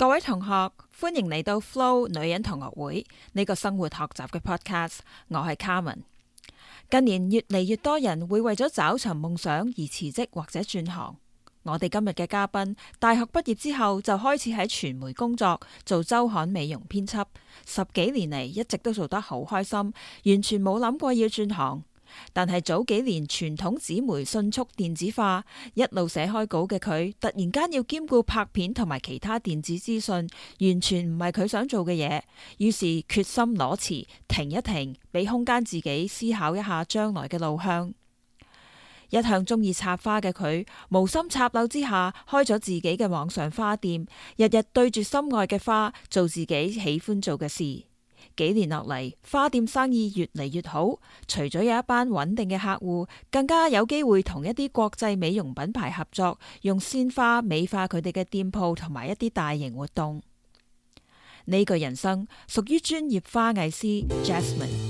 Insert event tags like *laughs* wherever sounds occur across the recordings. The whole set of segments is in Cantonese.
各位同學，歡迎嚟到 Flo 女人同學會呢個生活學習嘅 podcast，我係 Carmen。近年越嚟越多人會為咗找尋夢想而辭職或者轉行。我哋今日嘅嘉賓，大學畢業之後就開始喺傳媒工作，做周刊美容編輯，十幾年嚟一直都做得好開心，完全冇諗過要轉行。但係早幾年傳統紙媒迅速電子化，一路寫開稿嘅佢，突然間要兼顧拍片同埋其他電子資訊，完全唔係佢想做嘅嘢。於是決心裸辭，停一停，俾空間自己思考一下將來嘅路向。一向鍾意插花嘅佢，無心插柳之下開咗自己嘅網上花店，日日對住心愛嘅花，做自己喜歡做嘅事。幾年落嚟，花店生意越嚟越好，除咗有一班穩定嘅客戶，更加有機會同一啲國際美容品牌合作，用鮮花美化佢哋嘅店鋪同埋一啲大型活動。呢個人生屬於專業花藝師 Jasmine。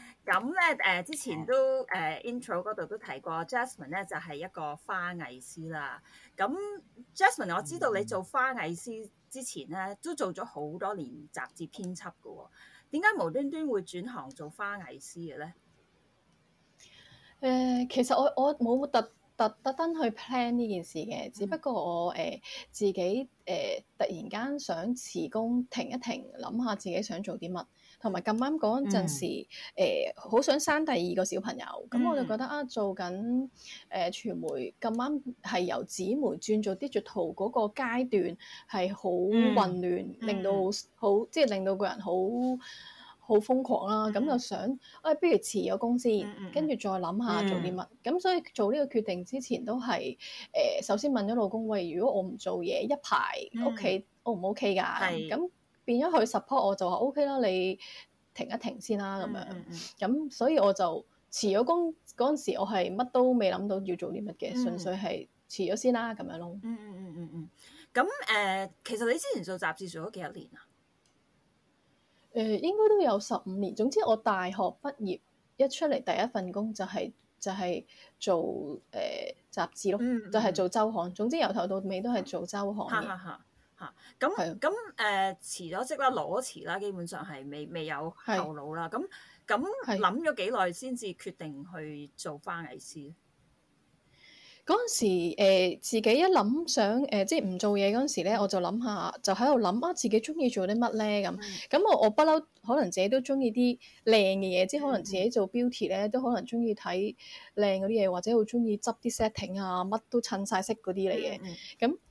咁咧誒，嗯、之前都誒、嗯、intro 嗰度都提過，Jasmine 咧就係、是、一個花藝師啦。咁、嗯嗯、Jasmine，我知道你做花藝師之前咧都做咗好多年雜誌編輯㗎喎，點解無端端會轉行做花藝師嘅咧？誒、嗯，其實我我冇特特特登去 plan 呢件事嘅，只不過我誒、呃、自己誒、呃、突然間想辭工停一停，諗下自己想做啲乜。同埋咁啱嗰陣時，誒好想生第二個小朋友，咁我就覺得啊，做緊誒傳媒，咁啱係由紙媒轉做 digital 嗰個階段，係好混亂，令到好即係令到個人好好瘋狂啦。咁就想，啊，不如辭咗工先，跟住再諗下做啲乜。咁所以做呢個決定之前都係誒，首先問咗老公，喂，如果我唔做嘢一排，屋企 O 唔 OK 㗎？係咁。變咗佢 support，我就話 OK 啦，你停一停先啦咁樣。咁、嗯嗯嗯、所以我就辭咗工嗰陣時，我係乜都未諗到要做啲乜嘅，嗯嗯純粹係辭咗先啦咁樣咯。嗯嗯嗯嗯嗯。咁誒、呃，其實你之前做雜誌做咗幾多年啊？誒、呃，應該都有十五年。總之我大學畢業一出嚟第一份工就係、是、就係、是、做誒、呃、雜誌咯，嗯嗯嗯嗯就係做周刊。總之由頭到尾都係做周刊。嚇，咁咁誒辭咗職啦，裸辭啦，基本上係未未有後路啦。咁咁諗咗幾耐先至決定去做花藝師。嗰陣時、呃、自己一諗想誒、呃，即係唔做嘢嗰陣時咧，我就諗下，就喺度諗啊，自己中意做啲乜咧咁。咁的我我不嬲，可能自己都中意啲靚嘅嘢，的即係可能自己做 beauty 咧，都可能中意睇靚嗰啲嘢，或者好中意執啲 setting 啊，乜都襯晒色嗰啲嚟嘅。咁的 *noise* *noise*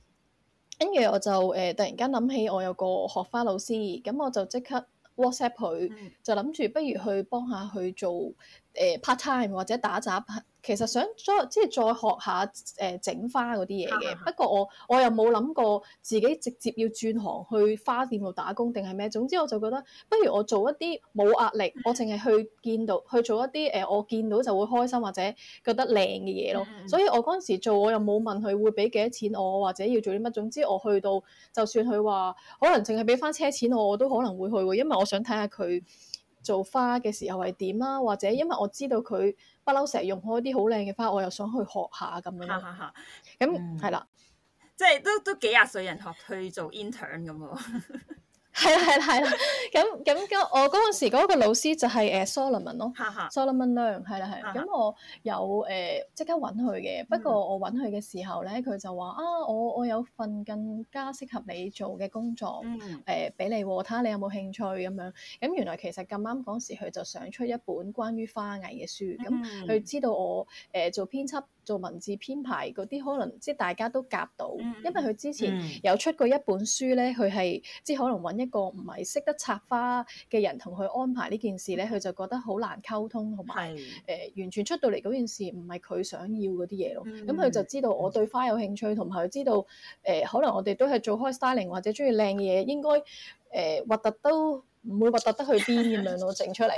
跟住我就誒、呃、突然間諗起我有個學花老師，咁我就即刻 WhatsApp 佢，嗯、就諗住不如去幫下佢做誒、呃、part time 或者打雜。其實想再即係再學下誒、呃、整花嗰啲嘢嘅，不過我我又冇諗過自己直接要轉行去花店度打工定係咩。總之我就覺得不如我做一啲冇壓力， *laughs* 我淨係去見到去做一啲誒、呃、我見到就會開心或者覺得靚嘅嘢咯。 *laughs* 所以我嗰陣時做我又冇問佢會俾幾多錢我或者要做啲乜。總之我去到就算佢話可能淨係俾翻車錢我，我都可能會去喎，因為我想睇下佢做花嘅時候係點啦，或者因為我知道佢。不嬲，成日用開啲好靚嘅花，我又想去學下咁樣咯。咁係啦，嗯、了即係都都幾廿歲人學去做 intern 咁喎。 *laughs* 係啦係啦係啦，咁咁我嗰陣時嗰個老師就係、是、誒、uh, Solomon 咯，Solomon Leung 係啦係，咁 *laughs* 我有誒即、呃、刻揾佢嘅，不過我揾佢嘅時候咧，佢就話啊，我我有份更加適合你做嘅工作，誒、呃、俾你睇下，看看你有冇興趣咁樣？咁、嗯嗯、原來其實咁啱嗰時佢就想出一本關於花藝嘅書，咁、嗯、佢、 *laughs* 嗯、知道我誒、呃、做編輯。 *laughs* 做文字編排嗰啲，可能即係大家都夾到，因為佢之前有出過一本書咧，佢係即係可能揾一個唔係識得插花嘅人同佢安排呢件事咧，佢就覺得好難溝通同埋誒完全出到嚟嗰件事唔係佢想要嗰啲嘢咯。咁佢就知道我對花有興趣，同埋佢知道誒可能我哋都係做開 styling 或者中意靚嘢，應該誒核突都唔會核突得去邊咁樣我整出嚟。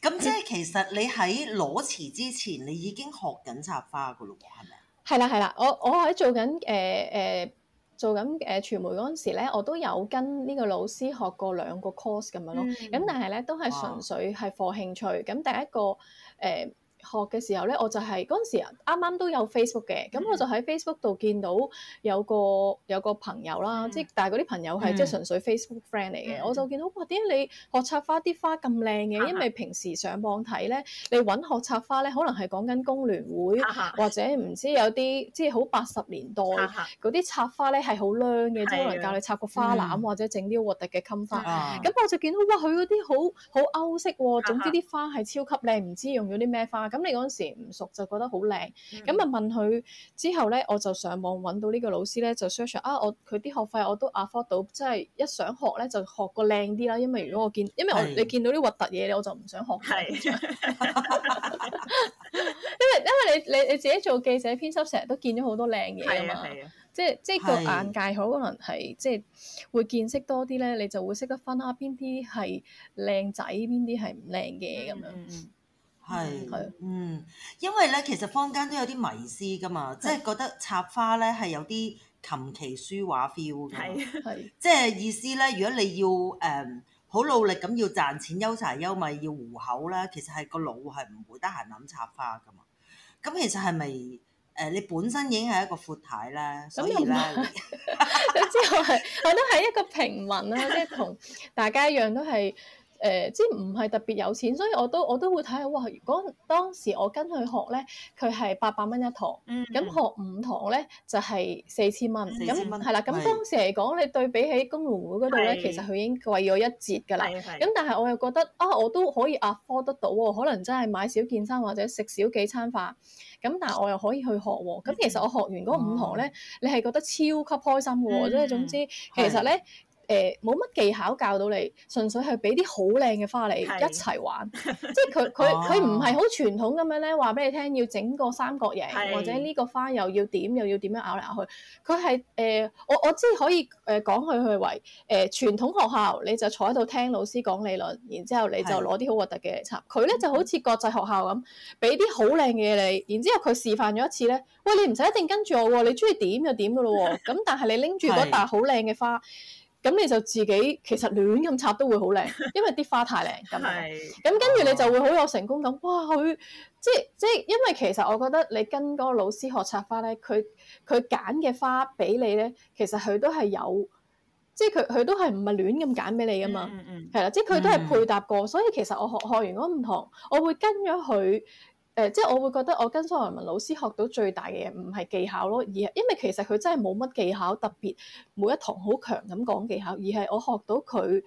咁即係其實你喺裸辭之前，你已經學緊插花噶咯喎，係咪？係啦，係啦，我我喺做緊誒誒做緊誒傳媒嗰陣時咧，我都有跟呢個老師學過兩個 course 咁、嗯、樣咯。咁但係咧都係純粹係課興趣。咁哇第一個誒。呃學嘅時候咧，我就係嗰陣時啱啱都有 Facebook 嘅，咁我就喺 Facebook 度見到有個有個朋友啦，即係但係嗰啲朋友係即係純粹 Facebook friend 嚟嘅，我就見到哇，點解你學插花啲花咁靚嘅？因為平時上網睇咧，你揾學插花咧，可能係講緊工聯會或者唔知有啲即係好八十年代嗰啲插花咧係好靚嘅，即係可能教你插個花籃或者整啲核突嘅襟花。咁我就見到哇，佢嗰啲好好歐式喎，總之啲花係超級靚，唔知用咗啲咩花。咁你嗰陣時唔熟就覺得好靚，咁咪、嗯、問佢之後咧，我就上網揾到呢個老師咧，就 search 啊，我佢啲學費我都 afford 到，即係一想學咧就學個靚啲啦。因為如果我見，因為我，是我你見到啲核突嘢咧，我就唔想學嘅是。 *laughs* *laughs* 因為因為你你你自己做記者編輯，成日都見咗好多靚嘢啊嘛，啊啊即係即係個眼界可能係即係會見識多啲咧，你就會識得分啊，邊啲係靚仔，邊啲係唔靚嘅咁樣。嗯係，嗯，因為咧，其實坊間都有啲迷思噶嘛，即係覺得插花咧係有啲琴棋書畫 feel 嘅，即係意思咧，如果你要誒好努力咁要賺錢，憂柴憂米要糊口啦，其實係個腦係唔會得閒諗插花噶嘛。咁其實係咪誒你本身已經係一個闊太啦，所以咧，我之後係我都係一個平民啦，即係同大家一樣都係。誒、呃，即係唔係特別有錢，所以我都我都會睇下，哇！如果當時我跟佢學咧，佢係八百蚊一堂，咁、嗯、哼學五堂咧就係四千蚊。四千蚊啦，咁當時嚟講，是你對比起工聯會嗰度咧，其實佢已經貴咗一截㗎啦。咁但係我又覺得啊，我都可以 afford 得到喎，可能真係買少件衫或者食少幾餐飯，咁但係我又可以去學喎。咁是其實我學完嗰五堂咧，嗯、哼你係覺得超級開心喎，即係、嗯、哼總，總之其實咧。誒，冇乜技巧教到你，純粹係俾啲好靚嘅花你一齊玩，是即係佢佢佢唔係好傳統咁樣咧，話俾你聽要整個三角形，是或者呢個花又要點又要點樣咬嚟咬去。佢係誒我我知可以誒、呃、講佢去為誒、呃、傳統學校，你就坐喺度聽老師講理論，然之後你就攞啲好核突嘅嘢插佢咧，就好似國際學校咁，俾啲好靚嘅嘢你，然之後佢示範咗一次咧，喂，你唔使一定跟住我，你中意點就點噶咯喎。咁 *laughs* 但係你拎住嗰笪好靚嘅花。咁你就自己其實亂咁插都會好靚，因為啲花太靚。咁咁 *laughs* 是跟住你就會好有成功感。哇！佢即即因為其實我覺得你跟嗰個老師學插花咧，佢佢揀嘅花俾你咧，其實佢都係有，即佢佢都係唔係亂咁揀俾你噶嘛。係啦、嗯嗯，即佢都係配搭過，嗯、所以其實我學學完嗰五堂，我會跟咗佢。誒、呃，即係我會覺得我跟蘇文文老師學到最大嘅嘢，唔係技巧咯，而係因為其實佢真係冇乜技巧特別，每一堂好強咁講技巧，而係我學到佢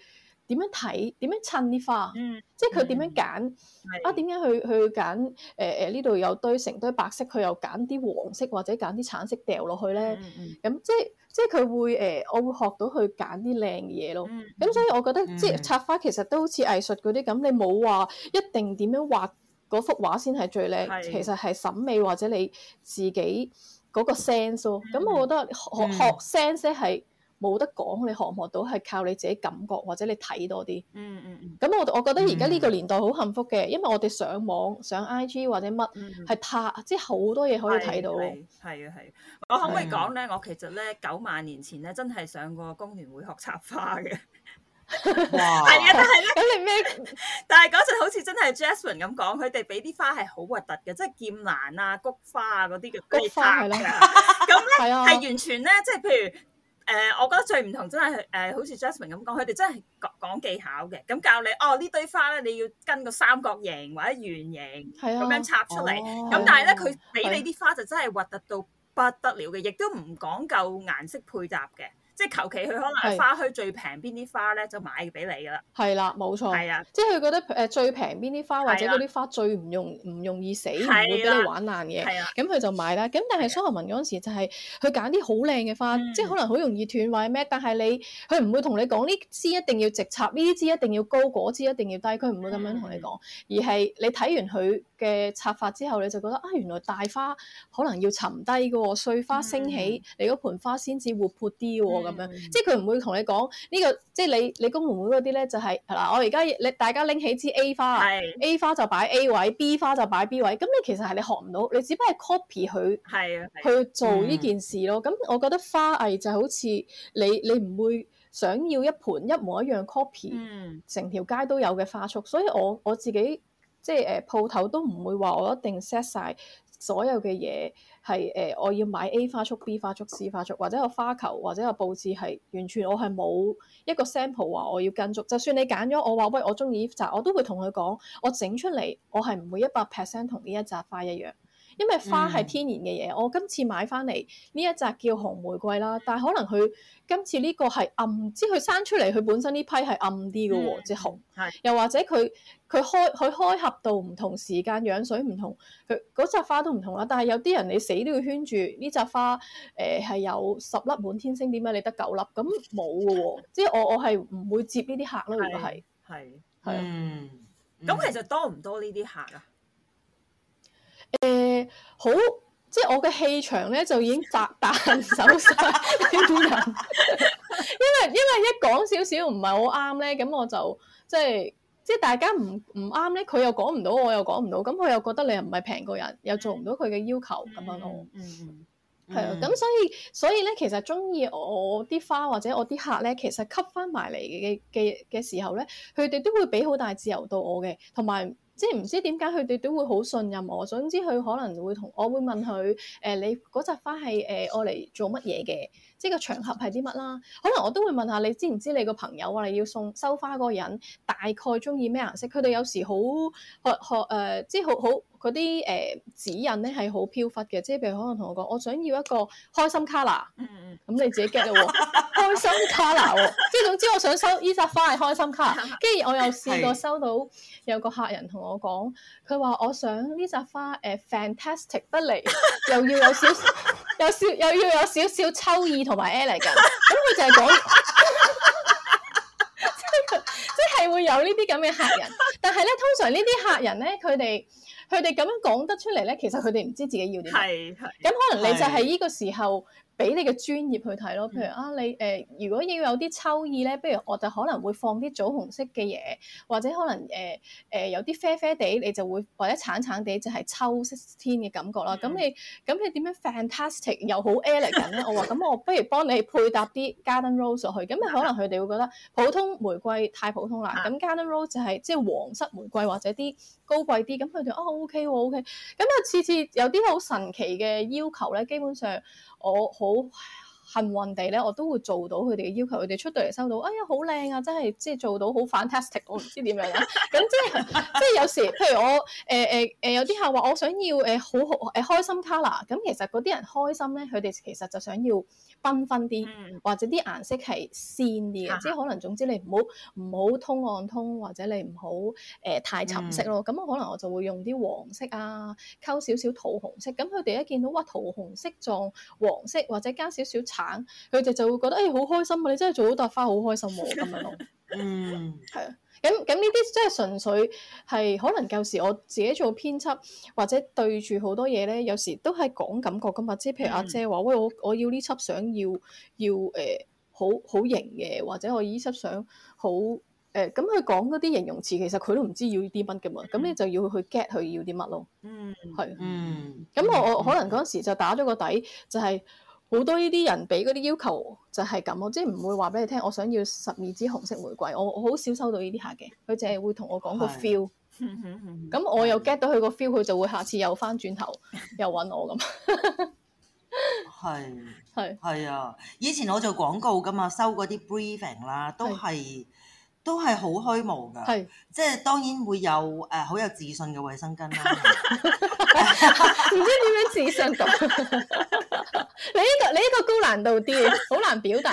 點樣睇，點樣襯啲花。嗯。即係佢點樣揀、嗯、啊？點樣去去揀？誒誒，呢、呃、度有堆成堆白色，佢又揀啲黃色或者揀啲橙色掉落去咧、嗯。嗯咁 *laughs* 即係即係佢會誒、呃，我會學到去揀啲靚嘅嘢咯嗯。嗯。咁所以我覺得，即係插花其實都好似藝術嗰啲咁，你冇話一定點樣畫，嗰幅畫先係最靚，其實係審美或者你自己嗰個 sense 咯、哦。咁、嗯、我覺得學、嗯、學，學 sense 係冇得講，你學唔學到係靠你自己感覺或者你睇多啲、嗯。嗯嗯咁我我覺得而家呢個年代好幸福嘅，因為我哋上網上 IG 或者乜，係拍即係好多嘢可以睇到。係啊係。我可唔可以講咧？我其實咧九萬年前咧真係上過工聯會學插花嘅。 *laughs* 係啊，但係咧，你咩？但係嗰陣好似真係 Jasmine 咁講，佢哋俾啲花係好核突嘅，即係劍蘭啊、菊花啊嗰啲叫菊花咁咧係完全咧，即係、就係、譬如誒、呃，我覺得最唔同真係誒，好似 Jasmine 咁講，佢哋真係講技巧嘅，咁教你哦呢堆花咧，你要跟個三角形或者圓形咁、啊、樣插出嚟。咁、oh, 但係咧，佢俾、oh, 你啲花就真係核突到不得了嘅，亦都唔講究顏色配搭嘅。即係求其佢可能花墟最平邊啲花咧，就買嘅俾你噶啦。係啦，冇錯。係啊，即係佢覺得誒最平邊啲花，或者嗰啲花最唔容唔容易死，唔會俾你玩爛嘅。係啊，咁佢就買啦。咁但係蘇荷文嗰陣時就係佢揀啲好靚嘅花，即係可能好容易斷位咩？但係你佢唔會同你講呢枝一定要直插，呢枝一定要高，嗰枝一定要低。佢唔會咁樣同你講，而係你睇完佢嘅插法之後，你就覺得啊，原來大花可能要沉低嘅喎，碎花升起，你嗰盆花先至活潑啲喎。咁樣，嗯、即係佢唔會同你講呢、呢個，即係你你公婆婆嗰啲咧，就係、是、嗱，我而家你大家拎起支 A 花是，A 花就擺 A 位，B 花就擺 B 位，咁你其實係你學唔到，你只不過係 copy 佢，啊啊、去做呢件事咯。咁、嗯、我覺得花藝就好似你你唔會想要一盆一模一樣 copy，成、嗯、條街都有嘅花束，所以我我自己即係誒鋪頭都唔會話我一定 set 晒所有嘅嘢。係誒、呃，我要買 A 花束、B 花束、C 花束，或者個花球，或者個布置係完全我係冇一個 sample 話我要跟足。就算你揀咗，我話喂，我鍾意呢扎，我都會同佢講，我整出嚟，我係唔會一百 percent 同呢一扎花一樣。因為花係天然嘅嘢，嗯、我今次買翻嚟呢一扎叫紅玫瑰啦，但係可能佢今次呢個係暗，即係佢生出嚟佢本身呢批係暗啲嘅喎，即係、嗯、紅。是又或者佢佢開佢開合度唔同，同，時間養水唔同，佢嗰扎花都唔同啦。但係有啲人你死都要圈住呢扎花，誒、呃、係有十粒滿天星，點解你得九粒？咁冇嘅喎，即係我我係唔會接呢啲客咯。如果係係係啊，咁、嗯、其實多唔多呢啲客啊？誒、呃，好，即係我嘅氣場咧，就已經砸砸爛手晒呢啲人，因為因為一講少少唔係好啱咧，咁我就即係即係大家唔唔啱咧，佢又講唔到，到，我又講唔到，咁佢又覺得你又唔係平過人，又做唔到佢嘅要求咁樣咯。嗯，係啊，咁所以所以咧，其實中意我啲花或者我啲客咧，其實吸翻埋嚟嘅嘅嘅時候咧，佢哋都會俾好大自由到我嘅，同埋。即係唔知點解佢哋都會好信任我，總之佢可能會同我會問佢，誒、呃、你嗰扎花係誒我嚟做乜嘢嘅？呢係個場合係啲乜啦？可能我都會問下你知唔知你個朋友啊，你要送收花嗰個人大概中意咩顏色？佢哋有時、呃、好學學誒，即係好好嗰啲誒指引咧係好飄忽嘅。即係譬如可能同我講、嗯，我想要一個開心 color，咁、嗯、你自己 get 啦、嗯，開心 color。即係 *laughs* 總之，我想收呢扎花係開心 color。跟住我又試過收到有個客人同我講，佢話我想呢扎花誒 fantastic 得嚟，又要有少少。Men 有少又要有少少秋意同埋 air 嚟嘅，咁佢就係講，即係即係會有呢啲咁嘅客人。但係咧，通常呢啲客人咧，佢哋佢哋咁樣講得出嚟咧，其實佢哋唔知自己要點。係，咁可能你就係呢個時候。俾你嘅專業去睇咯，譬如啊，你誒、呃，如果要有啲秋意咧，不如我就可能會放啲棗紅色嘅嘢，或者可能誒誒、呃呃、有啲啡啡哋，你就會或者橙橙哋，就係、是、秋色天嘅感覺啦。咁、嗯、你咁你點樣 fantastic 又好 e l e r t 緊咧？ *laughs* 我話咁我不如幫你配搭啲 garden rose 落去。咁可能佢哋會覺得普通玫瑰太普通啦。咁、嗯、garden rose 就係即係黃色玫瑰或者啲高貴啲。咁佢哋哦 ok ok 咁啊次次有啲好神奇嘅要求咧，基本上。我好。幸運地咧，我都會做到佢哋嘅要求，佢哋出到嚟收到，哎呀好靚啊！真係即係做到好 fantastic，我唔知點樣啦、啊。咁 *laughs* 即係即係有時，譬如我誒誒誒有啲客話我想要誒、呃、好好誒、呃、開心 color，咁其實嗰啲人開心咧，佢哋其實就想要繽紛啲，或者啲顏色係鮮啲嘅、嗯，即係可能總之你唔好唔好通暗通，或者你唔好誒太沉色咯。咁、嗯、可能我就會用啲黃色啊，溝少少桃紅色，咁佢哋一見到哇桃紅色撞黃色，或者加少少佢哋就會覺得誒好、哎、開、開心啊！你 *laughs* 真係做好朵花好開心喎咁樣咯。嗯，係啊。咁咁呢啲即係純粹係可能舊時我自己做編輯，或者對住好多嘢咧，有時都係講感覺噶嘛。即係譬如阿姐話：喂，我我要呢輯相要要誒、呃、好好型嘅，或者我呢輯相好誒。咁、呃、佢講嗰啲形容詞，其實佢都唔知要啲乜噶嘛。咁 *laughs* 你就要去 get 佢要啲乜咯。嗯，係。 *laughs* 嗯。咁我我可能嗰時就打咗個底，就係、是。好多呢啲人俾嗰啲要求就係咁咯，我即係唔會話俾你聽，我想要十二支紅色玫瑰，我我好少收到呢啲客嘅。佢淨係會同我講個 feel 的。咁我又 get 到佢個 feel，佢就會下次又翻轉頭又揾我咁。係係係啊！以前我做廣告噶嘛，收嗰啲 briefing 啦，的都係都係好虛無噶，即係的當然會有誒好、呃、有自信嘅衞生巾啦，唔知點樣自信咁。 *laughs* 你呢個你呢個高難度啲，好難表達。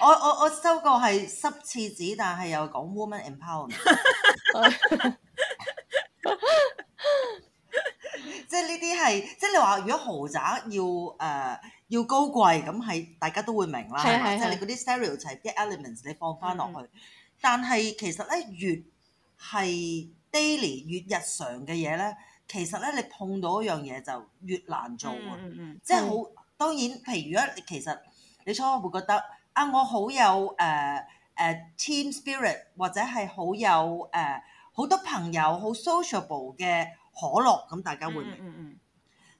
我我我收過係濕廁紙，但係又講 woman empowerment。即係呢啲係，即係你話如果豪宅要誒要高貴，咁係大家都會明啦。即係你嗰啲 stereotypes 啲 elements 你放翻落去，但係其實咧越係 daily 越日常嘅嘢咧。其實咧，你碰到一樣嘢就越難做啊！Mm hmm. 即係好當然，譬如如果你其實你初會覺得啊，我好有誒誒、uh, uh, team spirit，或者係好有誒好、uh, 多朋友好 sociable 嘅可樂咁，大家會明。嗯嗯、mm。Hmm.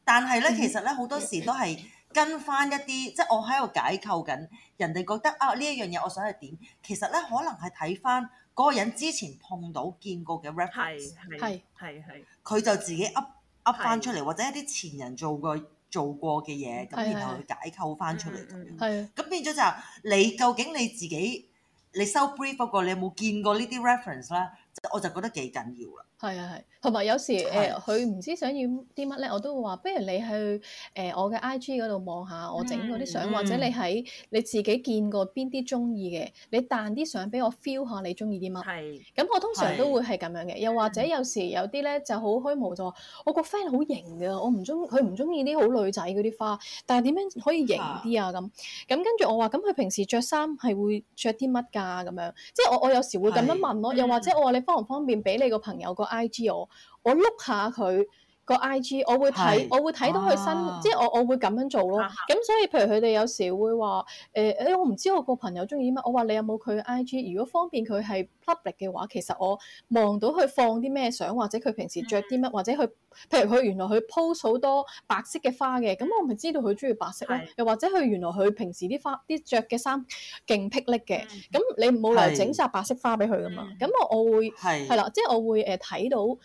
但係咧，其實咧好多時都係跟翻一啲，mm hmm. 即係我喺度解構緊人哋覺得啊呢一樣嘢，我想係點？其實咧，可能係睇翻。嗰個人之前碰到見過嘅 reference，係係係佢就自己 up up 翻出嚟，係或者一啲前人做過做過嘅嘢，咁然後佢解構翻出嚟，係啊，咁變咗就係、你究竟你自己你收 brief 過，你有冇見過呢啲 reference 咧？我就覺得幾緊要啦。係啊係，同埋有，有時誒佢唔知想要啲乜咧，我都會話，不如你去誒、呃、我嘅 I G 嗰度望下我整嗰啲相，嗯、或者你喺你自己見過邊啲中意嘅，你彈啲相俾我 feel 下你中意啲乜。係的，咁我通常都會係咁樣嘅，的又或者有時有啲咧就好虛無，就話我個 friend 好型㗎，我唔中佢唔中意啲好女仔嗰啲花，但係點樣可以型啲啊咁？咁的跟住我話，咁佢平時着衫係會着啲乜㗎咁樣？即係我我有時會咁樣問咯，的又或者我話你方唔方便俾你個朋友個。I.G 囉，我我碌下佢。個 I G 我會睇，啊，我會睇到佢新，即係我我會咁樣做咯。咁所以譬如佢哋有時會話誒誒，我唔知我個朋友中意乜。我話你有冇佢 I G？如果方便佢係 public 嘅話，其實我望到佢放啲咩相，或者佢平時着啲乜，是或者佢譬如佢原來佢 po 曬好多白色嘅花嘅，咁我咪知道佢中意白色咯。是又或者佢原來佢平時啲花啲著嘅衫勁霹剔嘅，咁你冇理由整曬白色花俾佢噶嘛？咁我我會係啦，即係我會誒睇到誒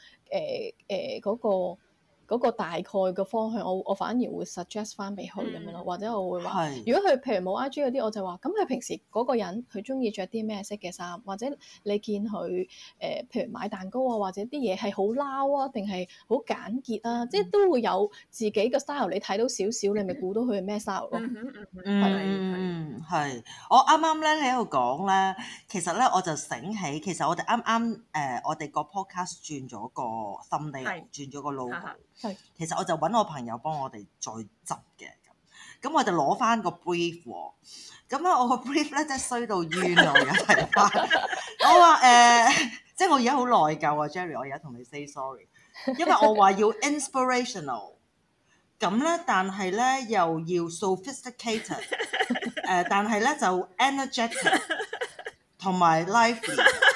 誒嗰個。嗰個大概嘅方向，我我反而會 suggest 翻俾佢咁樣咯，或者我會話，如果佢譬如冇 I.G. 嗰啲，我就話咁佢平時嗰個人佢中意着啲咩色嘅衫，或者你見佢誒譬如買蛋糕啊，或者啲嘢係好撈啊，定係好簡潔啊，即係都會有自己嘅 style。你睇到少少，你咪估到佢係咩 style 咯。係咪？嗯，係。我啱啱咧喺度講咧，其實咧我就醒起，其實我哋啱啱誒我哋個 podcast 轉咗個心地，轉咗個 logo。係，其實我就揾我朋友幫我哋再執嘅咁，咁我就攞翻個 brief 喎。咁啊，我個 brief 咧真係衰到冤啊！我又睇返，我話誒，即係我而家好內疚啊，Jerry，我而家同你 say sorry，因為我話要 inspirational，咁咧，但係咧又要 sophisticated，誒，但係咧就 energetic，同埋 lively。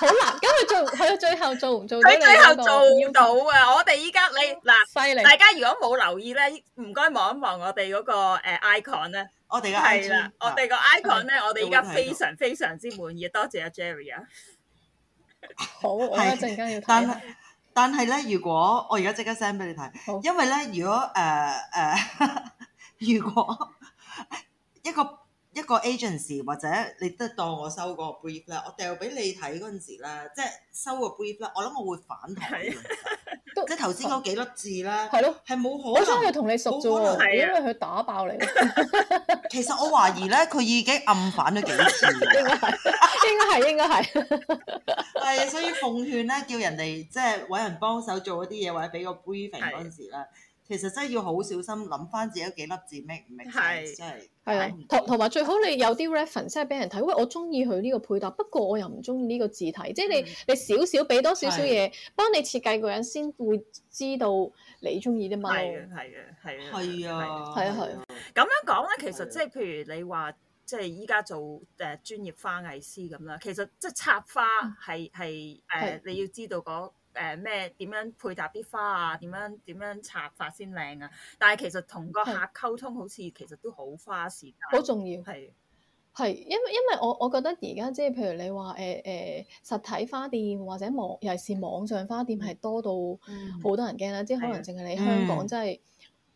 *laughs* 好難，咁佢做，去到最後做唔做到你？佢最後做到啊！ *music* 我哋依家你嗱，犀利。害大家如果冇留意咧，唔該望一望我哋嗰個 icon 咧。了我哋嘅係啦，我哋個 icon 咧的，我哋依家非常非常之滿意，多的謝阿 Jerry 啊。的好，我一陣間要。但係但係咧，如果我而家即刻 send 俾你睇，好因為咧，如果誒誒、呃呃，如果一個。一個 agency 或者你都當我收個 brief 咧，我掉俾你睇嗰陣時咧，即係收個 brief 咧，我諗我會反台。 *laughs* 即係頭先嗰幾粒字咧，係咯 *laughs* 的，係冇可能。好想佢同你熟啫喎，因為佢打爆你。 *laughs* 其實我懷疑咧，佢已經暗反咗幾次 *laughs* 應。應該係，應該係，應該係。係，所以奉勸咧，叫人哋即係揾人幫手做嗰啲嘢，或者俾個 briefing 嗰陣時咧。 *laughs* 其實真係要好小心，諗翻自己幾粒字明唔明係真係，係啊，同同埋最好你有啲 reference 即係俾人睇，喂，我中意佢呢個配搭，不過我又唔中意呢個字體，即係你你少少俾多少少嘢，幫你設計個人先會知道你中意啲乜。係嘅，係嘅，係啊，係啊，係啊，咁樣講咧，其實即係譬如你話即係依家做誒專業花藝師咁啦，其實即係插花係係誒你要知道嗰。誒咩點樣配搭啲花啊？點樣點樣插法先靚啊？但係其實同個客溝通，好似其實都好花時間，好重要。係係是，因為因為我我覺得而家即係譬如你話誒誒實體花店或者網尤其是網上花店係多到好多人驚啦，嗯、即係可能淨係你香港的真係。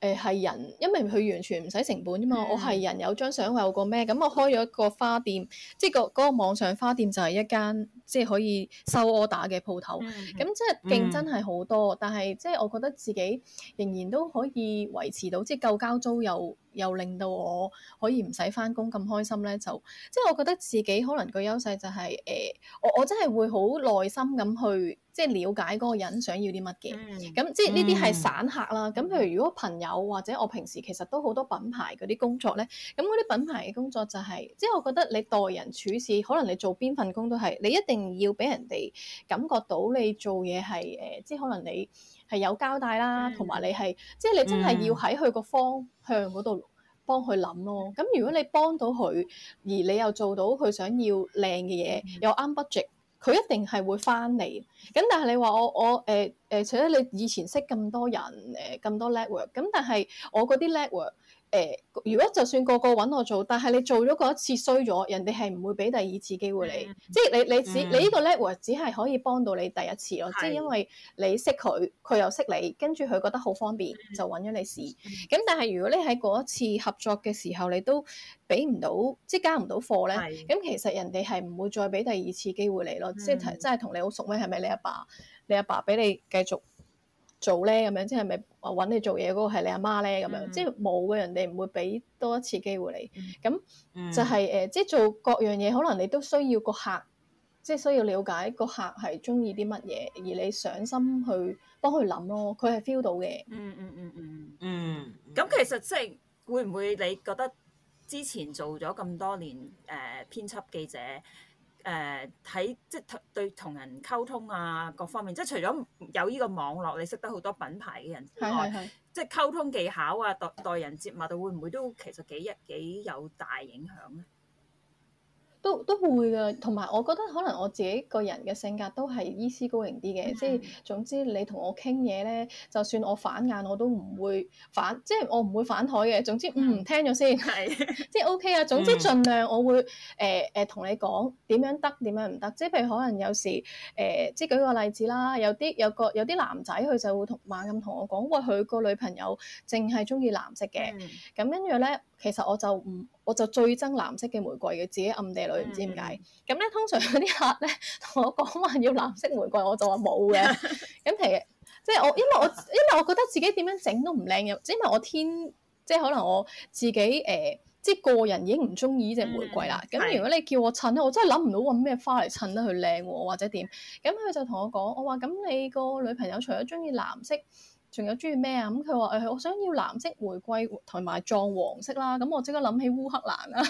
誒係、呃、人，因為佢完全唔使成本啫嘛。Mm hmm. 我係人有張相，有個咩咁？我開咗一個花店，即係個嗰、嗰個網上花店就係一間，即係可以收 order 嘅鋪頭。咁，即係競爭係好多，但係即係我覺得自己仍然都可以維持到，即係夠交租有。又令到我可以唔使翻工咁開心呢。就即係我覺得自己可能個優勢就係、是、誒、呃，我我真係會好耐心咁去即係了解嗰個人想要啲乜嘢，咁、嗯、即係呢啲係散客啦。咁、嗯、譬如如果朋友或者我平時其實都好多品牌嗰啲工作咧，咁嗰啲品牌嘅工作就係、是、即係我覺得你待人處事，可能你做邊份工都係，你一定要俾人哋感覺到你做嘢係誒即係可能你。係有交代啦，同埋、嗯、你係，即係你真係要喺佢個方向嗰度幫佢諗咯。咁如果你幫到佢，而你又做到佢想要靚嘅嘢，又啱 budget，佢一定係會翻嚟。咁但係你話我我誒誒、呃，除咗你以前識咁多人誒咁、呃、多 network，咁但係我嗰啲 network。誒、呃，如果就算個個揾我做，但係你做咗嗰一次衰咗，人哋係唔會俾第二次機會你。Yeah. 即係你你只 Yeah. 你呢個 level 只係可以幫到你第一次咯。Yeah. 即係因為你識佢，佢又識你，跟住佢覺得好方便就揾咗你試。咁 Yeah. 但係如果你喺嗰一次合作嘅時候你都俾唔到，即係交唔到貨咧，咁 Yeah. 其實人哋係唔會再俾第二次機會你咯。Yeah. 即係真係同你好熟咩？係咪你阿爸？你阿爸俾你繼續？做咧咁、那個 mm hmm. 樣，即係咪揾你做嘢嗰個係你阿媽咧咁樣？即係冇嘅，人哋唔會俾多一次機會你。咁、mm hmm. 就係、是、誒、呃，即係做各樣嘢，可能你都需要個客，即係需要了解個客係中意啲乜嘢，而你上心去幫佢諗咯，佢係 feel 到嘅。嗯嗯嗯嗯嗯。咁、嗯、其實即、就、係、是、會唔會你覺得之前做咗咁多年誒、呃、編輯記者？誒睇、呃、即係對同人溝通啊，各方面即係除咗有呢個網絡，你識得好多品牌嘅人之 *music* 外， *music* 即係溝通技巧啊，待待人接物度會唔會都其實幾日幾有大影響咧？都都會㗎，同埋我覺得可能我自己個人嘅性格都係依斯高盈啲嘅，的即係總之你同我傾嘢咧，就算我反眼我都唔會反，即係我唔會反枱嘅。總之唔、嗯、聽咗先，的即係 OK 啊。總之盡量我會誒誒同你講點樣得，點樣唔得。即係譬如可能有時誒，即、呃、係舉個例子啦，有啲有個有啲男仔佢就會同話咁同我講，喂，佢個女朋友淨係中意藍色嘅，咁跟住咧。嗯其實我就唔，我就最憎藍色嘅玫瑰嘅，自己暗地裏唔知點解。咁咧、mm hmm.，通常嗰啲客咧同我講話要藍色玫瑰，我就話冇嘅。咁 *laughs* 其實即係、就是、我，因為我因為我覺得自己點樣整都唔靚嘅，因為我天，即、就、係、是、可能我自己誒，即、呃、係個人已經唔中意呢隻玫瑰啦。咁、mm hmm. 如果你叫我襯咧，我真係諗唔到揾咩花嚟襯得佢靚或者點。咁佢就同我講，我話咁你個女朋友除咗中意藍色。仲有鍾意咩啊？咁佢話：我想要藍色玫瑰同埋撞黃色啦。咁我即刻諗起烏克蘭啦。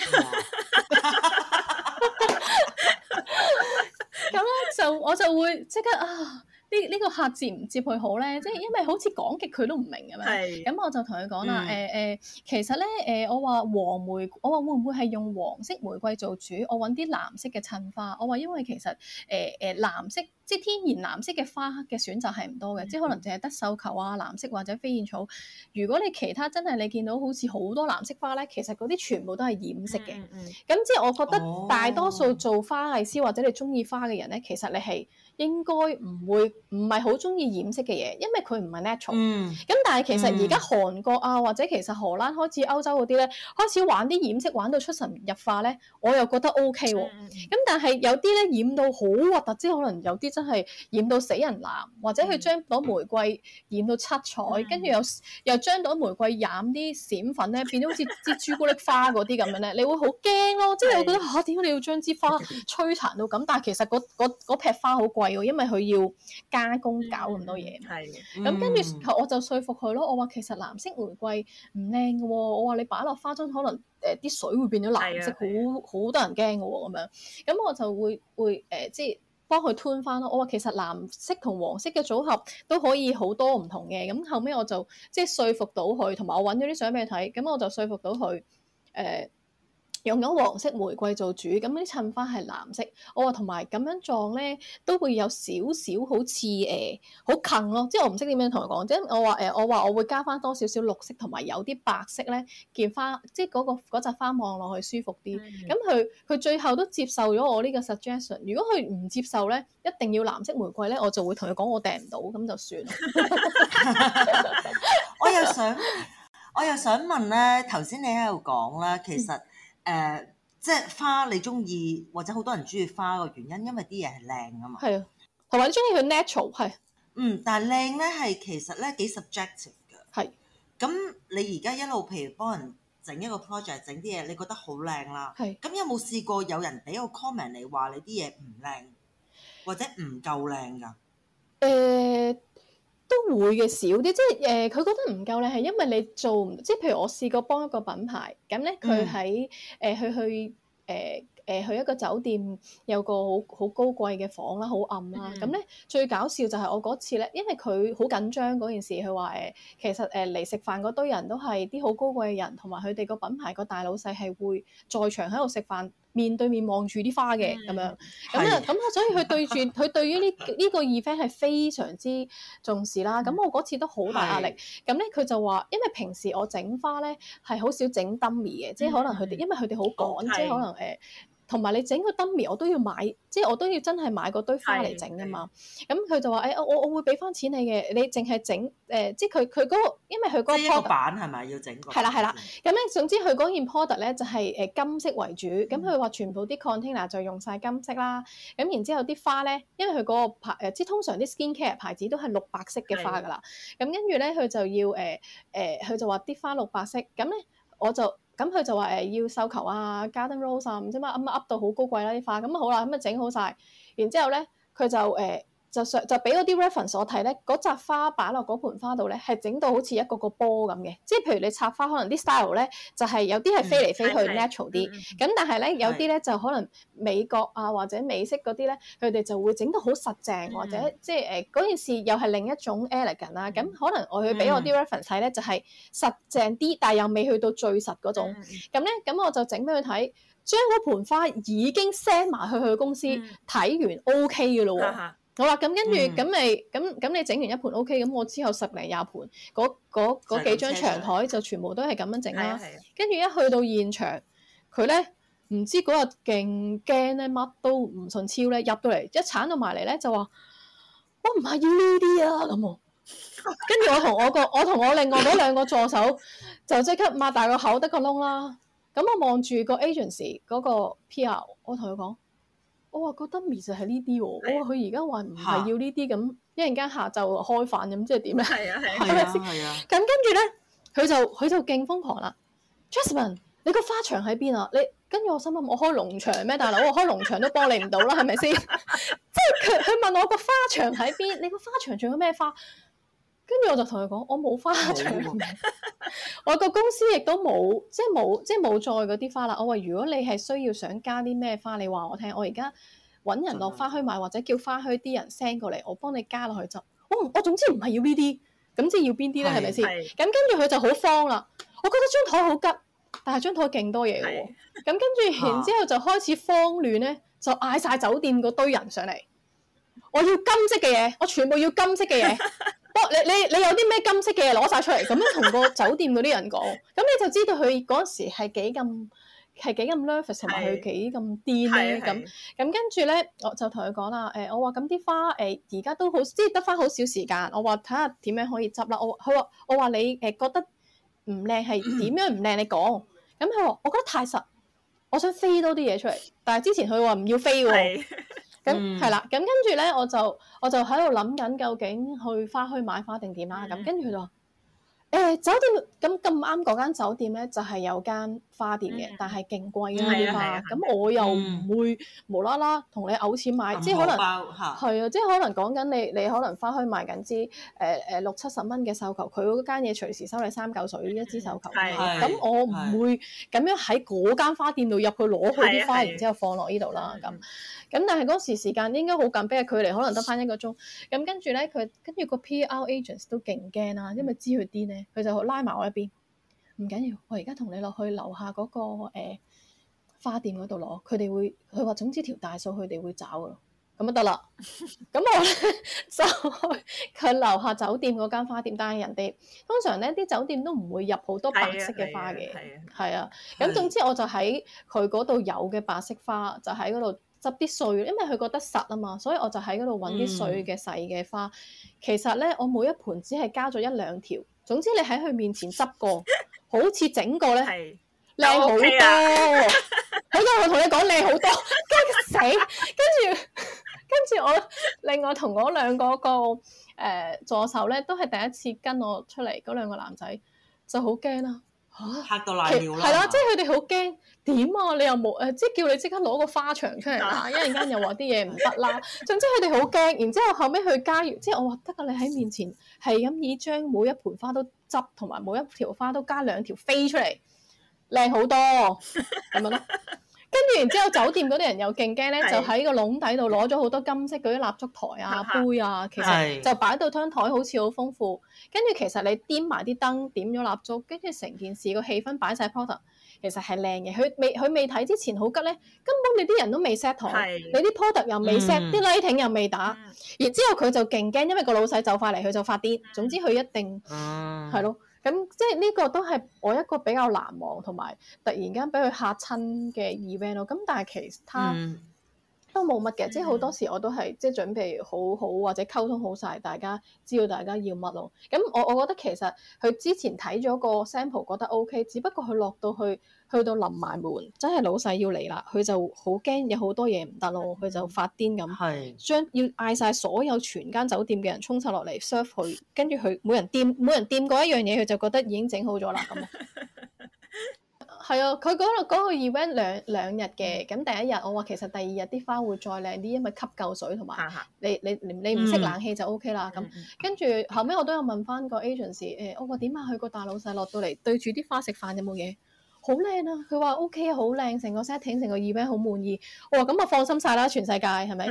咁 *laughs* 咧 *laughs* 就我就會即刻啊！呢呢，這個客接唔接佢好咧？即係因為好似講極佢都唔明咁樣。咁是我就同佢講啦，誒誒，嗯呃，其實咧，誒，呃，我話黃梅，我話會唔會係用黃色玫瑰做主？我揾啲藍色嘅襯花。我話因為其實，誒，呃，誒，藍色即係天然藍色嘅花嘅選擇係唔多嘅，嗯，即係可能淨係得繡球啊、藍色或者飛燕草。如果你其他真係你見到好似好多藍色花咧，其實嗰啲全部都係染色嘅。咁，嗯嗯，即係我覺得大多數做花藝師或者你中意花嘅人咧，其實你係。應該唔會唔係好鍾意染色嘅嘢，因為佢唔係 natural。咁、嗯、但係其實而家韓國啊，或者其實荷蘭開始歐洲嗰啲咧，開始玩啲染色玩到出神入化咧，我又覺得 O K 喎。咁、嗯、但係有啲咧，染到好核突，即係可能有啲真係染到死人藍，或者佢將朵玫瑰染到七彩，跟住、嗯、又又將朵玫瑰染啲閃粉咧，變咗好似支朱古力花嗰啲咁樣咧， *laughs* 你會好驚咯！即你我覺得嚇，點、啊、解你要將支花摧殘到咁？但係其實嗰撇花好貴。因為佢要加工搞咁多嘢。係的，咁跟住我就說服佢咯。嗯、我話其實藍色玫瑰唔靚嘅，我話你擺落花樽可能誒啲水會變咗藍色，好好的多人驚嘅咁樣。咁我就會會誒、呃、即係幫佢 turn 翻咯。我話其實藍色同黃色嘅組合都可以好多唔同嘅。咁後尾我就即係說服到佢，同埋我揾咗啲相俾佢睇。咁我就說服到佢誒。呃用咗黃色玫瑰做主，咁啲襯花係藍色。我話同埋咁樣撞咧，都會有少少好似誒，好近咯。即係我唔識點樣同佢講，即係我話誒、欸，我話我會加翻多少少綠色，同埋有啲白色咧，件花即係、嗰、嗰個紮、嗰個、花望落去舒服啲。咁佢佢最後都接受咗我呢個 suggestion。如果佢唔接受咧，一定要藍色玫瑰咧，我就會同佢講我訂唔到，咁就算。我又想我又想問咧、啊，頭先你喺度講啦，其實。 *laughs* 誒，uh, 即係花你，你中意或者好多人中意花嘅原因，因為啲嘢係靚啊嘛。係啊，同埋你中意佢 natural 係。嗯，但係靚咧係其實咧幾 subjective 㗎。係。咁的你而家一路譬如幫人整一個 project，整啲嘢，你覺得好靚啦。係的。咁有冇試過有人俾個 comment 你話你啲嘢唔靚，或者唔夠靚㗎？誒、uh。都會嘅少啲，即係誒，佢、呃、覺得唔夠咧，係因為你做唔，即係譬如我試過幫一個品牌，咁咧佢喺誒去去誒誒、呃、去一個酒店，有個好好高貴嘅房啦，好暗啦，咁咧、嗯、最搞笑就係我嗰次咧，因為佢好緊張嗰件事，佢話誒，其實誒嚟食飯嗰堆人都係啲好高貴嘅人，同埋佢哋個品牌個大老細係會在場喺度食飯。面對面望住啲花嘅咁 *noise* 樣，咁啊咁啊，是的 麼所以佢對住佢 *laughs* 對於呢呢、呢個 event 係非常之重視啦。咁 *noise* 我嗰次都好大壓力，咁咧佢就話，因為平時我整花咧係好少整 dummy 嘅，即係可能佢哋是的 因為佢哋好趕，即係可能誒。呃同埋你整個燈籠，我都要買，即係我都要真係買嗰堆花嚟整噶嘛。咁佢就話：誒、哎，我我我會俾翻錢你嘅，你淨係整誒，即係佢佢嗰個，因為佢嗰個玻璃板係咪要整？係啦係啦。咁咧、嗯，總之佢嗰件 product 咧就係、是、誒、呃、金色為主。咁佢話全部啲 container 就用晒金色啦。咁然之後啲花咧，因為佢嗰個牌誒、呃，即係通常啲 skin care 牌子都係綠白色嘅花噶啦。咁跟住咧，佢就要誒誒，佢、呃呃、就話啲花綠白色。咁咧，我就。咁佢就話要繡球啊，garden rose 啊，唔知嘛，咁啊 up 到好高貴啦、啊、啲花，咁啊好啦，咁啊整好晒，然之後咧佢就、呃就上就俾我啲 reference 所睇咧，嗰扎花擺落嗰盆花度咧，係整到好似一個個波咁嘅。即係譬如你插花，可能啲 style 咧就係、是、有啲係飛嚟飛去 natural 啲。咁但係咧、嗯、有啲咧就可能美國啊或者美式嗰啲咧，佢哋就會整到好實淨，或者、嗯、即係誒嗰件事又係另一種 elegant 啦、啊。咁、嗯、可能我去俾我啲 reference 睇咧，就係實淨啲，但係又未去到最實嗰種咁咧。咁、嗯、我就整俾佢睇，將嗰盆花已經 send 埋去佢公司睇完，OK 嘅咯喎。嗯我話咁跟住，咁咪咁咁你整完一盤 OK，咁我之後十零廿盤，嗰嗰嗰幾張長台就全部都係咁樣整啦。跟住一去到現場，佢咧唔知嗰日勁驚咧，乜都唔順超咧，入到嚟一鏟到埋嚟咧就話：我唔係要呢啲啊咁喎。我 *laughs* 跟住我同我個我同我另外嗰兩個助手 *laughs* 就即刻擘大個口得個窿啦。咁我望住個 agency 嗰個 PR，我同佢講。我話、oh, 覺得咪就係呢啲喎，我話佢而家話唔係要呢啲咁，一陣間下晝開飯咁，即係點咧？係啊係啊，係啊咁跟住咧，佢就佢就勁瘋狂啦！Jasmine，你個花場喺邊啊？你跟住我心諗，我開農場咩？大佬，我開農場都幫你唔到啦，係咪先？ *laughs* 即係佢佢問我個花場喺邊？你個花場仲有咩花？跟住我就同佢講，我冇花 *laughs* 我個公司亦都冇，即係冇，即係冇再嗰啲花啦。我話如果你係需要想加啲咩花，你話我聽，我而家揾人落花墟買，或者叫花墟啲人 send 過嚟，我幫你加落去就我我總之唔係要呢啲，咁即係要邊啲呢？係咪先？咁跟住佢就好慌啦。我覺得張台好急，但係張台勁多嘢喎。咁跟住然之後就開始慌亂呢，就嗌晒酒店嗰堆人上嚟，我要金色嘅嘢，我全部要金色嘅嘢。 *laughs* 你你你有啲咩金色嘅嘢攞晒出嚟，咁樣同個酒店嗰啲人講，咁 *laughs* 你就知道佢嗰陣時係幾咁係幾咁 nervous，同埋佢幾咁癲咧咁。咁跟住咧，我就同佢講啦，誒、呃，我話咁啲花誒，而、呃、家都好，即係得返好少時間。我話睇下點樣可以執啦。我佢話我話你誒、呃、覺得唔靚係點樣唔靚？嗯、你講。咁佢話我覺得太實，我想飛多啲嘢出嚟，但係之前佢話唔要飛喎。 *laughs* *laughs* 咁係啦，咁跟住咧，我就我就喺度諗緊究竟去花墟買花定點啦，咁跟住佢就。嗯 *noise* *noise* 嗯嗯誒，走到咁咁啱嗰間酒店咧，就係、是、有間花店嘅，嗯、但係勁貴啲花。咁、嗯、我又唔會無啦啦同你嘔錢買，嗯、即係可能係啊、嗯嗯，即係可能講緊你，你可能花墟賣緊支誒誒六七十蚊嘅繡球，佢嗰間嘢隨時收你三嚿水一支繡球。咁我唔會咁樣喺嗰間花店度入去攞佢啲花，然之後放落呢度啦。咁咁，但係嗰時時間應該好緊迫，距離可能得翻一個鐘。咁跟住咧，佢跟住個 P.R. agents 都勁驚啦，因為知佢啲咧。佢就拉埋我一邊，唔緊要。我而家同你落去樓下嗰、嗰個、欸、花店嗰度攞佢哋會。佢話總之條大數佢哋會找噶咯，咁啊，得啦。咁我咧就去佢樓下酒店嗰間花店單，但人哋通常咧啲酒店都唔會入好多白色嘅花嘅，係啊，係咁總之我就喺佢嗰度有嘅白色花，啊啊、就喺嗰度執啲碎，因為佢覺得實啊嘛，所以我就喺嗰度揾啲碎嘅細嘅花。嗯、其實咧，我每一盆只係加咗一兩條。總之你喺佢面前執過，好似整過咧，靚好 *laughs* 多。好啦，我同你講靚好多，驚死！跟住，跟住我另外同嗰兩個誒、呃、助手咧，都係第一次跟我出嚟，嗰兩個男仔就好驚啦。吓、啊，吓到瀨尿啦！係啦 *laughs* 其，即係佢哋好驚。就是點啊？你又冇誒，即、呃、係叫你即刻攞個花牆出嚟啦！一陣間又話啲嘢唔得啦。總之佢哋好驚，然之後後尾佢加，完之後我話得㗎，你喺面前係咁以將每一盆花都執，同埋每一條花都加兩條飛出嚟，靚好多咁 *laughs* 樣咯。跟住然之後，酒店嗰啲人又勁驚咧，就喺個籠底度攞咗好多金色嗰啲蠟燭台啊、杯啊，其實就擺到張台，好似好豐富。跟住其實你掂埋啲燈，點咗蠟燭，跟住成件事個氣氛擺晒。product，其實係靚嘅。佢未佢未睇之前好吉咧，根本你啲人都未 set 台，你啲 product 又未 set，啲 lighting 又未打。然之後佢就勁驚，因為個老細就快嚟，佢就發癲。總之佢一定係咯。咁即係呢個都係我一個比較難忘同埋突然間俾佢嚇親嘅 event 囉。咁但係其他都冇乜嘅，即係好多時我都係即係準備好好或者溝通好晒，大家知道大家要乜囉。咁我我覺得其實佢之前睇咗個 sample 覺得 OK，只不過佢落到去。去到臨埋門，真係老細要嚟啦。佢就好驚，有好多嘢唔得咯。佢就發癲咁，的將要嗌晒所有全間酒店嘅人沖晒落嚟 serve 佢。跟住佢每人掂，每人掂過一樣嘢，佢就覺得已經整好咗啦。咁係 *laughs* 啊，佢嗰度嗰個 event 兩兩日嘅。咁第一日我話其實第二日啲花會再靚啲，因為吸夠水同埋你你你唔識冷氣就 OK 啦。咁跟住後尾我都有問翻個 agents、欸、誒我話點啊？佢個大老細落到嚟對住啲花食飯有冇嘢？好靚啊！佢話 O.K. 啊，好靚，成個 setting，成個 event 好、er、滿意。我話咁啊，放心晒啦，全世界係咪？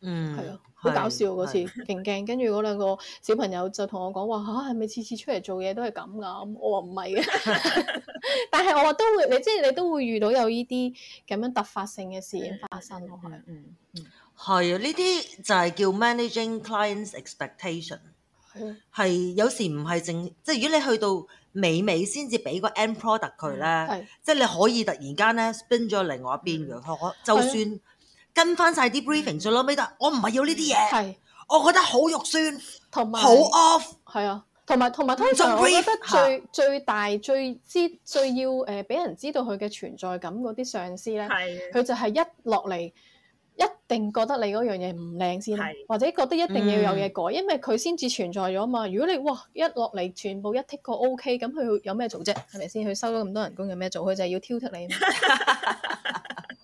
嗯，係啊是，好搞笑嗰次勁驚，跟住嗰兩個小朋友就同我講話嚇，係咪次次出嚟做嘢都係咁噶？我話唔係嘅， *laughs* *laughs* 但係我話都會，你即係你都會遇到有呢啲咁樣突發性嘅事件發生落去。嗯的，係啊，呢啲就係叫 managing clients expectation 的。係啊，係有時唔係淨即係如果你去到。美美先至俾個 end product 佢咧，嗯，即係你可以突然間咧 spin 咗另外一邊嘅，可、嗯、就算跟翻晒啲 briefing 咗咯，嗯，咪得。我唔係要呢啲嘢，係我覺得好肉酸，同埋有好 off，係啊，同埋同埋通常我覺得最 brief，最，最大最知最要誒俾人知道佢嘅存在感嗰啲上司咧，佢是就係一落嚟。一定覺得你嗰樣嘢唔靚先，是或者覺得一定要有嘢改，嗯、因為佢先至存在咗嘛。如果你哇一落嚟全部一剔過 OK 咁，佢有咩做啫？係咪先？佢收咗咁多人工有咩做？佢就係要挑剔你，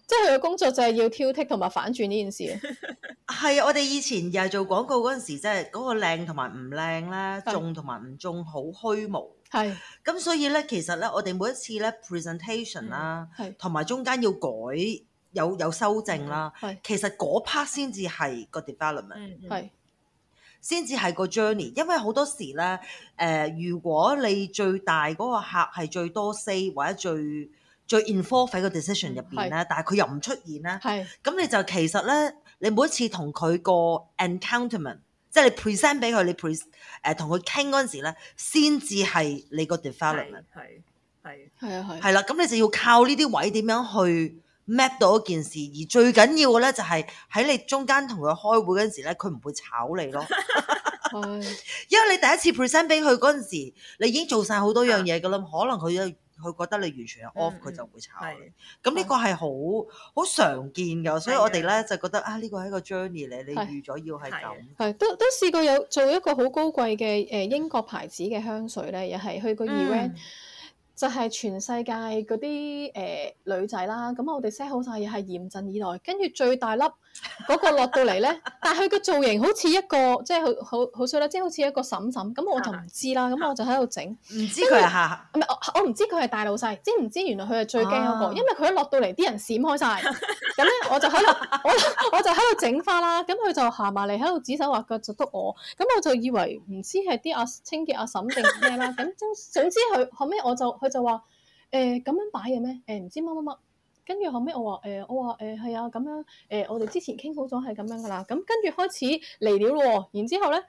即係佢嘅工作就係要挑剔同埋反轉呢件事。係啊，我哋以前又係做廣告嗰陣時，即係嗰個靚同埋唔靚啦，中同埋唔中好虛無。係咁是，所以咧，其實咧，我哋每一次咧 presentation 啦是，同埋是中間要改。有有修正啦，其實嗰 part 先至係個 development，係、mm, 嗯，先至係個 journey。因為好多時咧，誒、呃，如果你最大嗰個客係最多 say 或者最最 enforce 嘅 decision 入邊咧，是但係佢又唔出現咧，係是，咁你就其實咧，你每一次同佢個 encounterment，即係你 present 俾佢，你配誒同佢傾嗰陣時咧，先至係你個 development，係，係，係啊，係，係啦，咁你就要靠呢啲位點樣去。map 到一件事，而最緊要嘅咧就係喺你中間同佢開會嗰陣時咧，佢唔會炒你咯。 *laughs* *laughs* *laughs* 因為你第一次 present 俾佢嗰陣時，你已經做晒好多樣嘢噶啦，可能佢佢覺得你完全係 off，佢就唔會炒你。咁呢、嗯、個係好好常見㗎，嗯、所以我哋咧的就覺得啊，呢個係一個 journey 嚟，你預咗要係咁。係都都試過有做一個好高貴嘅誒英國牌子嘅香水咧，又係去個 event。嗯就係全世界嗰啲、呃、女仔啦，咁我哋 set 好曬嘢係嚴陣以待，跟住最大粒。嗰 *laughs* 個落到嚟咧，但係佢嘅造型好似一個，即係好好好衰啦，即係好似一個嬸嬸咁，我就唔知啦。咁我，我就喺度整，唔知佢係下下，唔係我唔知佢係大老細，知唔知原來佢係最驚嗰個？因為佢一落到嚟，啲人閃開晒。咁咧我就喺度，我我就喺度整花啦。咁佢就行埋嚟喺度指手畫腳，就篤我。咁我就以為唔知係啲阿清潔阿嬸定咩啦。咁 *laughs* 總之佢後尾我就佢就話誒咁樣擺嘅咩？誒、欸、唔知乜乜乜。跟住後尾我話，誒、欸、我話，誒、欸、係啊，咁樣，誒、欸、我哋之前傾好咗係咁樣噶啦，咁跟住開始嚟了喎，然之後咧，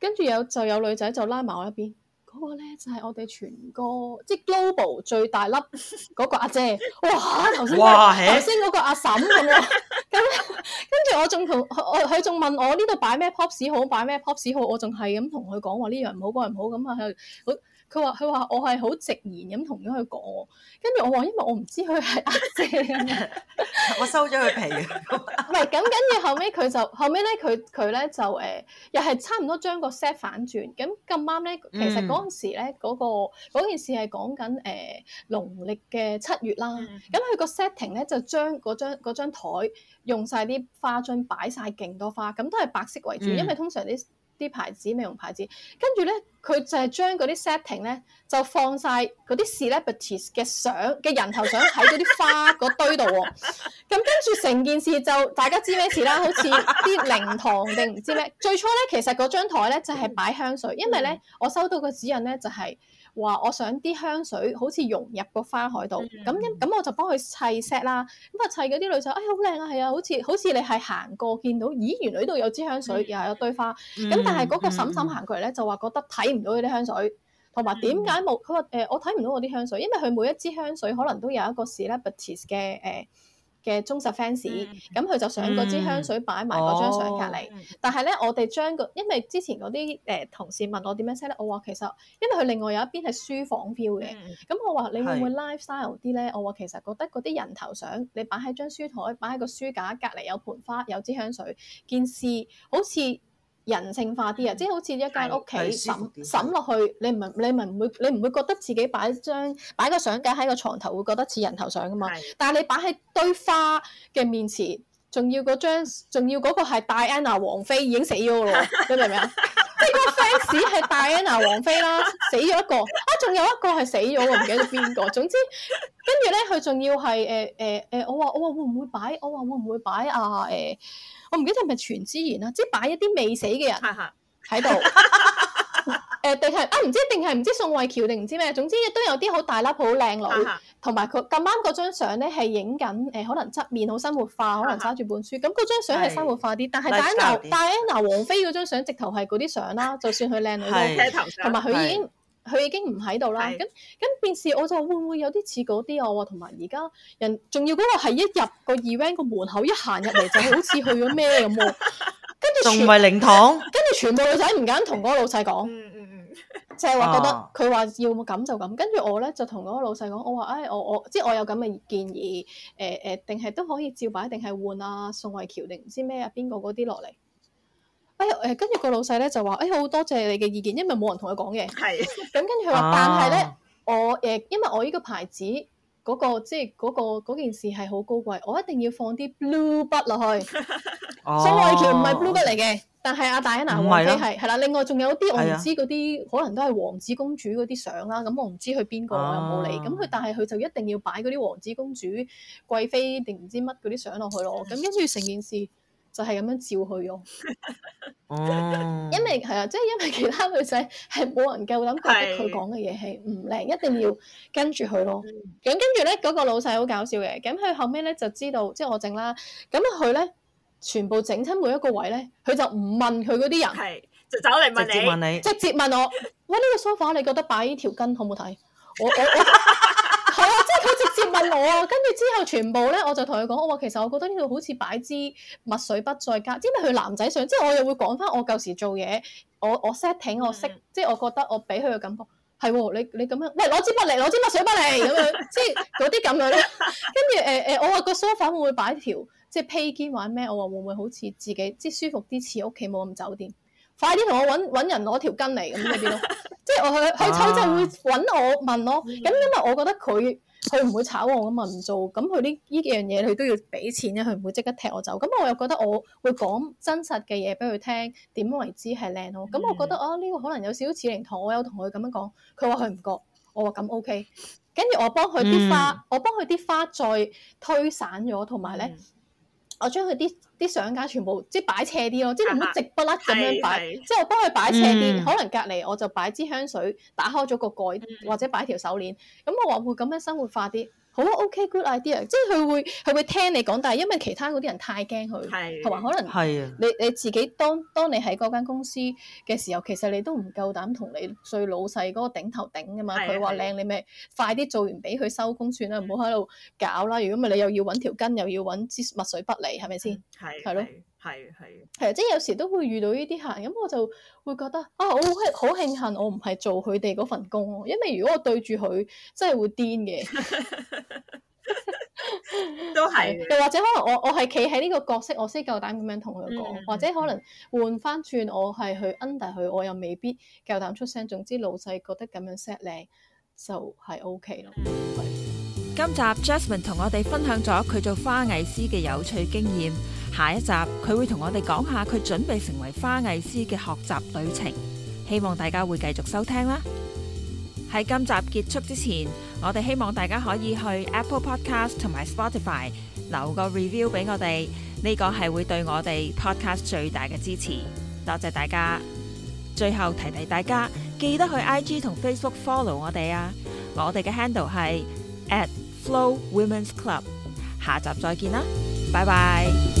跟住有就有女仔就拉埋我一邊。嗰個咧就係我哋全個，即係 global 最大粒嗰個阿姐，哇！頭先頭先嗰個阿嬸咁咯，咁跟住我仲同我佢仲問我呢度擺咩 pop 屎好，擺咩 pop 屎好，我仲係咁同佢講話呢樣唔好，嗰樣唔好咁啊！佢佢佢話佢話我係好直言咁同咗佢講，跟住我話因為我唔知佢係阿姐嚟嘅，我收咗佢皮。唔係咁，跟住後尾佢就後尾咧，佢佢咧就誒，又係差唔多將個 set 反轉，咁咁啱咧，其實嗰。當時咧嗰、嗰個嗰件事係講緊誒農曆嘅七月啦，咁佢個、嗯嗯、setting 咧就將嗰張台用晒啲花樽擺晒勁多花，咁都係白色為主，因為通常啲。啲牌子美容牌子，跟住咧佢就係將嗰啲 setting 咧就放晒嗰啲 celebrities 嘅相嘅人頭相喺嗰啲花嗰堆度喎，咁跟住成件事就大家知咩事啦？好似啲靈堂定唔知咩？最初咧其實嗰張台咧就係、是、擺香水，因為咧、嗯、我收到個指引咧就係、是。話我想啲香水好似融入個花海度，咁咁我就幫佢砌 set 啦。咁啊砌嗰啲女仔，哎好靚啊，係啊，好似好似你係行過見到，咦，原來呢度有支香水又係一堆花，咁但係嗰個嬸嬸行過嚟咧就話覺得睇唔到呢啲香水，同埋點解冇？佢話誒我睇唔到我啲香水，因為佢每一支香水可能都有一個 celebrities 嘅誒。呃嘅忠實 fans，咁佢就上嗰支香水擺埋嗰張相隔籬，mm. oh. 但係咧我哋將，個，因為之前嗰啲誒同事問我點樣 set 咧，我話其實因為佢另外有一邊係書房 feel 嘅，咁，mm. 我話你會唔會 lifestyle 啲咧？Mm. 我話其實覺得嗰啲人頭相，你擺喺張書台，擺喺個書架隔籬有盆花有支香水，件事好似。人性化啲啊，即係好似一間屋企審審落去，你唔係你咪唔會你唔會覺得自己擺張擺個相架喺個床頭會覺得似人頭相噶嘛？是的 但係你擺喺堆花嘅面前，仲要嗰張仲要嗰個係戴安娜王妃已經死咗噶咯，你明唔明啊？ *laughs* 即係個 fans 係戴安娜王妃啦，死咗一個，啊仲有一個係死咗我唔記得邊個。總之跟住咧，佢仲要係誒誒誒，我話我話會唔會擺，我話會唔會擺啊誒？呃我唔記得係咪全資源啊，即係擺一啲未死嘅人喺度，誒定係啊唔知定係唔知宋慧喬定唔知咩？總之亦都有啲 *laughs* 好大粒、好靚女，同埋佢咁啱嗰張相咧係影緊誒，可能側面好生活化， *laughs* 可能揸住本書。咁嗰張相係生活化啲， *laughs* 但係戴安娜但係咧王妃嗰張相直頭係嗰啲相啦，就算佢靚女，同埋佢已經。佢已經唔喺度啦，咁咁變是我就會唔會有啲似嗰啲我話，同埋而家人仲要嗰個係一入個 event 個門口一行入嚟就好似去咗咩咁喎，跟住仲唔係靈堂，跟住全部女仔唔敢同嗰個老細講，就係話覺得佢話要咁就咁，跟住我咧就同嗰個老細講，我話誒、哎、我我即係我有咁嘅建議，誒誒定係都可以照擺，定係換啊宋慧喬定唔知咩啊邊個嗰啲落嚟。誒跟住個老細咧就話，誒，好多謝你嘅意見，因為冇人同佢講嘅。係，咁跟住佢話，但係咧，我誒，因為我依個牌子嗰個即係嗰個嗰件事係好高貴，我一定要放啲 blue 筆落去。哦、所愛喬唔係 blue 筆嚟嘅，但係阿戴安娜王妃係係啦。另外仲有啲我唔知嗰啲，的可能都係王子公主嗰啲相啦。咁我唔知佢邊個，啊、我又冇理。咁佢但係佢就一定要擺嗰啲王子公主、貴妃定唔知乜嗰啲相落去咯。咁跟住成件事。就係咁樣照佢用，因為係啊，即係因為其他女仔係冇人夠膽覺得佢講嘅嘢係唔靚，一定要跟住佢咯。咁跟住咧，嗰個老細好搞笑嘅，咁佢後尾咧就知道，即係我整啦。咁佢咧全部整親每一個位咧，佢就唔問佢嗰啲人，就走嚟問你，直接問我，喂！呢個 sofa 你覺得擺呢條巾好唔好睇？我我。問我啊，跟住之後全部咧，我就同佢講，我話其實我覺得呢度好似擺支墨水筆在家，因為佢男仔上？」即係我又會講翻我舊時做嘢，我我 setting 我識，嗯、即係我覺得我俾佢嘅感覺係喎、哦，你你咁樣，唔攞支筆嚟，攞支墨水筆嚟咁樣，即係嗰啲咁樣咯。跟住誒誒，我話個梳化會唔會擺條即係披肩或者咩，我話會唔會好似自己即舒服啲，似屋企冇咁酒店。快啲同我揾人攞條巾嚟咁嗰啲咯， *laughs* 即係我佢佢湊就會揾我問咯。咁、嗯、因為我覺得佢。佢唔會炒我啊嘛，唔做，咁佢呢呢幾樣嘢佢都要俾錢咧，佢唔會即刻踢我走，咁我又覺得我會講真實嘅嘢俾佢聽，點為之係靚咯，咁我覺得啊呢個可能有少少似靈堂，我有同佢咁樣講，佢話佢唔覺，我話咁 OK，跟住我幫佢啲花，嗯、我幫佢啲花再推散咗，同埋咧，嗯、我將佢啲。啲相架全部即係擺斜啲咯，即你唔好直不甩咁樣擺，啊、即係我幫佢擺斜啲。嗯、可能隔離我就擺支香水，打開咗個蓋，嗯、或者擺條手鏈。咁我話會咁樣生活化啲。好 OK，good idea，即係佢會，佢會聽你講，但係因為其他嗰啲人太驚佢，同埋係可能你係你，你自己當當你喺嗰間公司嘅時候，其實你都唔夠膽同你最老細嗰個頂頭頂㗎嘛，佢話靚你咪快啲做完俾佢收工算啦，唔好喺度搞啦，如果咪你又要揾條筋，又要揾支墨水筆嚟，係咪先？係係咯。係係係係，係 *noise* 即係有時都會遇到呢啲客人，咁我就會覺得啊，我好慶好慶幸，我唔係做佢哋嗰份工咯。因為如果我對住佢，真係會癲嘅， *laughs* *laughs* 都係的。又 *laughs* 或者可能我我係企喺呢個角色，我先夠膽咁樣同佢講。嗯、或者可能換翻轉，我係去 under 佢，我又未必夠膽出聲。總之老細覺得咁樣 set 靚就係 O K 咯。今集 Jasmine 同我哋分享咗佢做花藝師嘅有趣經驗。下一集佢會同我哋講下佢準備成為花藝師嘅學習旅程，希望大家會繼續收聽啦。喺今集結束之前，我哋希望大家可以去 Apple Podcast 同埋 Spotify 留個 review 俾我哋，呢個係會對我哋 podcast 最大嘅支持，多謝大家。最後提提大家，記得去 IG 同 Facebook follow 我哋啊，我哋嘅 handle 係 at Flo Women’s Club。下集再見啦，拜拜。